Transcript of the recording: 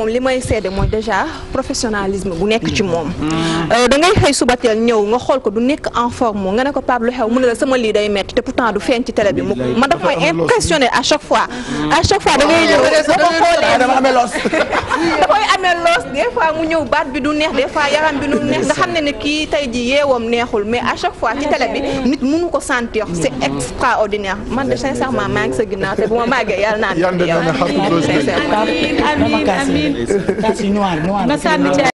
moom li may seede mooy déjà professionnalisme bu nekk ci moom. Euh, da ngay xëy suba teel ñëw nga xool ko du nekk en forme nga ne ko Pape lu xew mu ne la sama lii day metti te pourtant du feeñ ci télé bi mu man dafa may impressionné à chaque fois. à chaque fois da ah, ñëw boo ko ah, xoolee. amee loos des mu ñëw baat bi du neex des fois yaram bi du neex nga xam ne ne kii tey ji yeewam neexul mais à chaque fois ci télé bi nit mënu ko sentir c'est extraordinaire man de sincèrement maa ngi sa ginnaaw te bu ma màggee yàlla naa. yàlla na xar ku loos